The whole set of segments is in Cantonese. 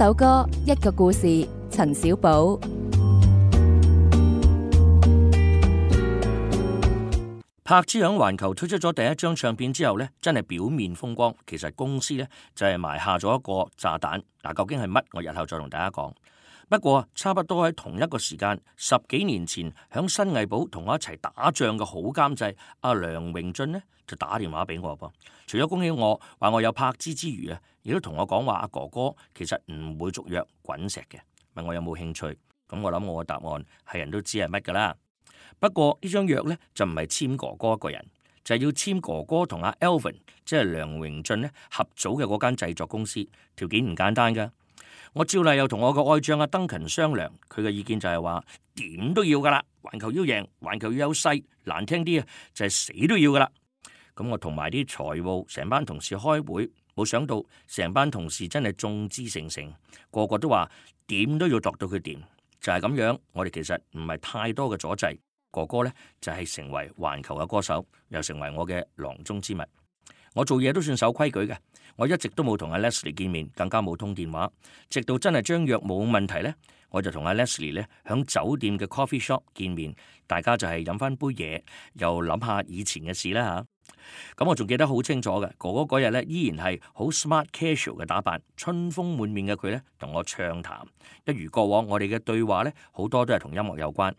首歌一個故事，陳小寶。柏芝響環球推出咗第一張唱片之後咧，真係表面風光，其實公司咧就係埋下咗一個炸彈。嗱，究竟係乜？我日後再同大家講。不過，差不多喺同一個時間，十幾年前喺新藝寶同我一齊打仗嘅好監製阿梁榮駿呢，就打電話俾我噃。除咗恭喜我話我有拍資之餘啊，亦都同我講話阿哥哥其實唔會續約滾石嘅，問我有冇興趣？咁我諗我嘅答案係人都知係乜噶啦。不過呢張約呢，就唔係簽哥哥一個人，就係、是、要簽哥哥同阿 Alvin，即係梁榮駿呢合組嘅嗰間製作公司，條件唔簡單噶。我照例又同我個愛將阿登勤商量，佢嘅意見就係話點都要噶啦，環球要贏，環球要有勢，難聽啲啊，就係死都要噶啦。咁我同埋啲財務成班同事開會，冇想到成班同事真係眾志成城，個個都話點都要度到佢掂，就係咁樣，我哋其實唔係太多嘅阻滯。哥哥呢就係成為環球嘅歌手，又成為我嘅囊中之物。我做嘢都算守規矩嘅，我一直都冇同阿 Leslie 見面，更加冇通電話。直到真係張約冇問題呢，我就同阿 Leslie 咧響酒店嘅 coffee shop 見面，大家就係飲翻杯嘢，又諗下以前嘅事啦吓，咁、啊、我仲記得好清楚嘅，哥哥嗰日呢，依然係好 smart casual 嘅打扮，春風滿面嘅佢呢，同我暢談，一如過往我哋嘅對話呢，好多都係同音樂有關。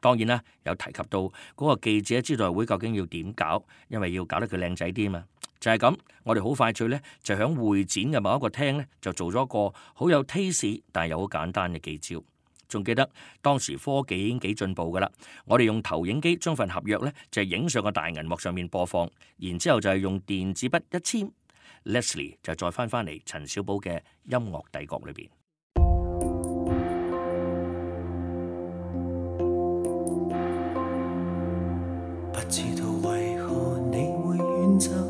當然啦，有提及到嗰個記者招待會究竟要點搞，因為要搞得佢靚仔啲啊嘛。就係咁，我哋好快脆呢，就喺會展嘅某一個廳呢，就做咗一個好有 taste 但係又好簡單嘅記招。仲記得當時科技已經幾進步噶啦，我哋用投影機將份合約呢，就係影上個大銀幕上面播放，然之後就係用電子筆一簽，Leslie 就再翻翻嚟陳小寶嘅音樂帝國裏邊。不知道為何你會遠走。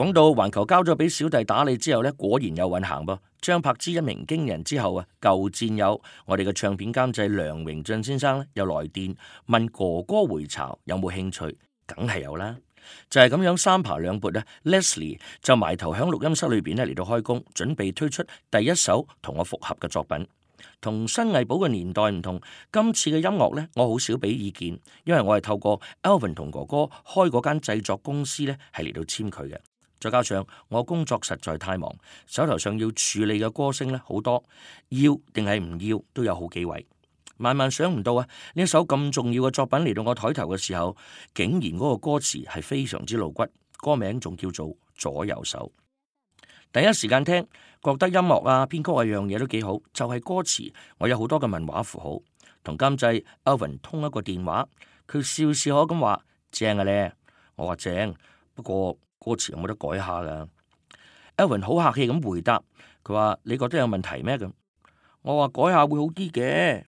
講到環球交咗俾小弟打理之後呢，果然有運行噃。張柏芝一鳴驚人之後啊，舊戰友我哋嘅唱片監製梁榮駿先生咧又來電問哥哥回巢有冇興趣，梗係有啦。就係咁樣，三爬兩撥呢 Leslie 就埋頭響錄音室裏邊咧嚟到開工，準備推出第一首同我復合嘅作品。同新藝寶嘅年代唔同，今次嘅音樂呢，我好少俾意見，因為我係透過 Alvin 同哥哥開嗰間製作公司呢，係嚟到簽佢嘅。再加上我工作實在太忙，手頭上要處理嘅歌星咧好多，要定係唔要都有好幾位。萬萬想唔到啊，呢一首咁重要嘅作品嚟到我台頭嘅時候，竟然嗰個歌詞係非常之露骨，歌名仲叫做《左右手》。第一時間聽，覺得音樂啊、編曲啊樣嘢都幾好，就係、是、歌詞我有好多嘅文化符號，同監製阿 Van 通一個電話，佢笑笑口咁話正啊咧，我話正，不過。歌詞有冇得改下㗎？Evan 好客氣咁回答，佢話，你覺得有問題咩？咁我話改下會好啲嘅，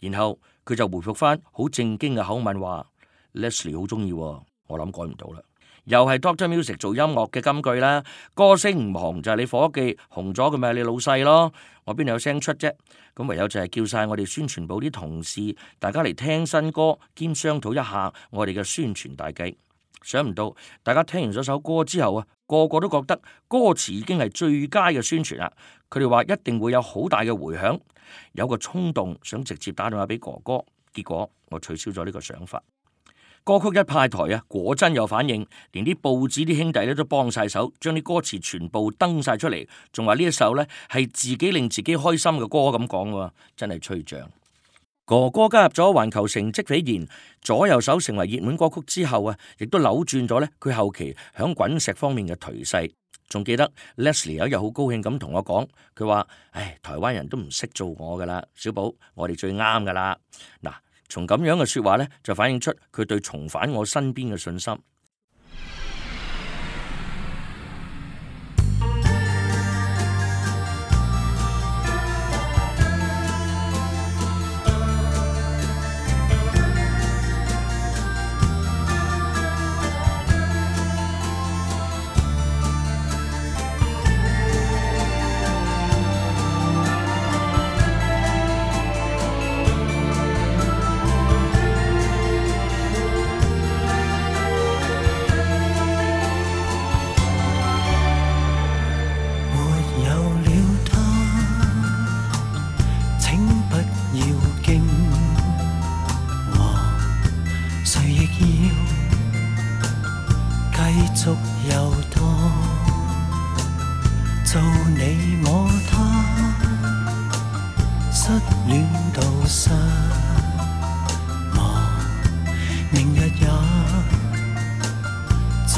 然後佢就回覆翻好正經嘅口吻話 Leslie 好中意，我諗改唔到啦。又係 Doctor Music 做音樂嘅金句啦，歌星唔紅就係你伙計，紅咗嘅咪你老細咯。我邊度有聲出啫？咁唯有就係叫晒我哋宣傳部啲同事，大家嚟聽新歌兼商討一下我哋嘅宣傳大計。想唔到大家聽完咗首歌之後啊，個個都覺得歌詞已經係最佳嘅宣傳啦。佢哋話一定會有好大嘅回響，有個衝動想直接打電話俾哥哥。結果我取消咗呢個想法。歌曲一派台啊，果真有反應，連啲報紙啲兄弟咧都幫晒手，將啲歌詞全部登晒出嚟，仲話呢一首咧係自己令自己開心嘅歌咁講喎，真係吹脹。哥哥加入咗環球成績斐然，左右手成為熱門歌曲之後啊，亦都扭轉咗咧佢後期響滾石方面嘅頹勢。仲記得 Leslie 有一日好高興咁同我講，佢話：唉，台灣人都唔識做我噶啦，少寶，我哋最啱噶啦。嗱，從咁樣嘅說話咧，就反映出佢對重返我身邊嘅信心。